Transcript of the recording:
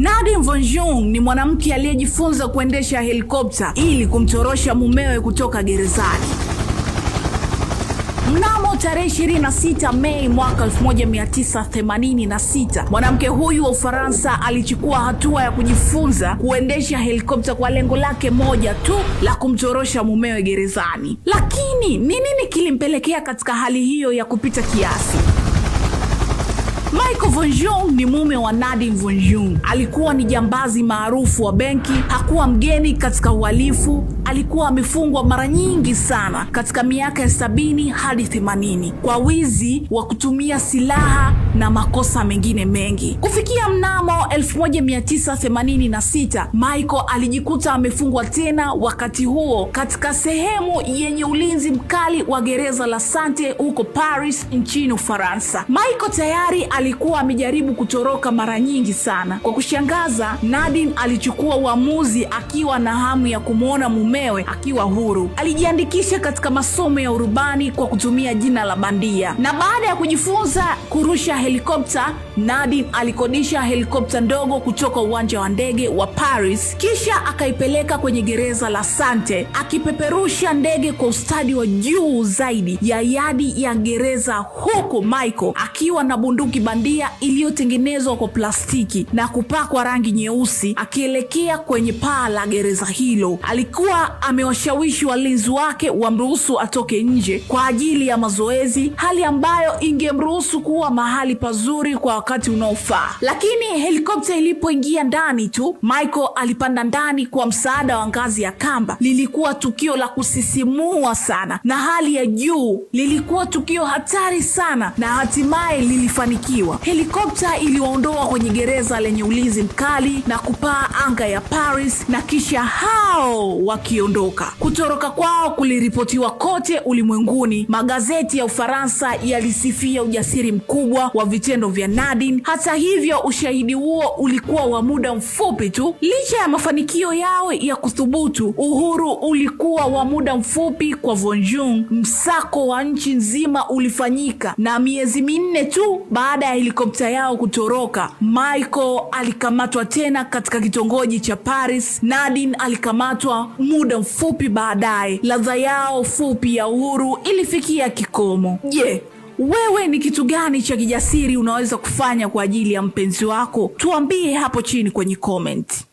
Nadine Vonjung ni mwanamke aliyejifunza kuendesha helikopta ili kumtorosha mumewe kutoka gerezani. Mnamo tarehe 26 Mei mwaka 1986, mwanamke huyu wa Ufaransa alichukua hatua ya kujifunza kuendesha helikopta kwa lengo lake moja tu la kumtorosha mumewe gerezani. Lakini ni nini kilimpelekea katika hali hiyo ya kupita kiasi? Michael Von ni mume wa Nadine Von Alikuwa ni jambazi maarufu wa benki, hakuwa mgeni katika uhalifu. Alikuwa amefungwa mara nyingi sana katika miaka ya sabini hadi themanini kwa wizi wa kutumia silaha na makosa mengine mengi. Kufikia mnamo 1986 Michael alijikuta amefungwa tena, wakati huo katika sehemu yenye ulinzi mkali wa gereza la Sante huko Paris nchini Ufaransa. Michael tayari alikuwa amejaribu kutoroka mara nyingi sana. Kwa kushangaza, nadin alichukua uamuzi akiwa na hamu ya kumwona mumewe akiwa huru. Alijiandikisha katika masomo ya urubani kwa kutumia jina la bandia, na baada ya kujifunza kurusha helikopta, nadin alikodisha helikopta ndogo kutoka uwanja wa ndege wa Paris, kisha akaipeleka kwenye gereza la Sante, akipeperusha ndege kwa ustadi wa juu zaidi ya yadi ya gereza, huku Michael akiwa na bunduki bandia iliyotengenezwa kwa plastiki na kupakwa rangi nyeusi akielekea kwenye paa la gereza hilo. Alikuwa amewashawishi walinzi wake wamruhusu atoke nje kwa ajili ya mazoezi, hali ambayo ingemruhusu kuwa mahali pazuri kwa wakati unaofaa. Lakini helikopta ilipoingia ndani tu, Michael alipanda ndani kwa msaada wa ngazi ya kamba. Lilikuwa tukio la kusisimua sana na hali ya juu, lilikuwa tukio hatari sana na hatimaye lilifanikiwa kufanikiwa. Helikopta iliwaondoa kwenye gereza lenye ulinzi mkali na kupaa anga ya Paris, na kisha hao wakiondoka. Kutoroka kwao kuliripotiwa kote ulimwenguni. Magazeti ya Ufaransa yalisifia ujasiri mkubwa wa vitendo vya Nadine. Hata hivyo, ushahidi huo ulikuwa wa muda mfupi tu. Licha ya mafanikio yao ya kuthubutu, uhuru ulikuwa wa muda mfupi kwa Von Jung. Msako wa nchi nzima ulifanyika na miezi minne tu baada ya helikopta yao kutoroka, Michael alikamatwa tena katika kitongoji cha Paris. Nadine alikamatwa muda mfupi baadaye. Ladha yao fupi ya uhuru ilifikia kikomo. Je, yeah. Wewe ni kitu gani cha kijasiri unaweza kufanya kwa ajili ya mpenzi wako? Tuambie hapo chini kwenye comment.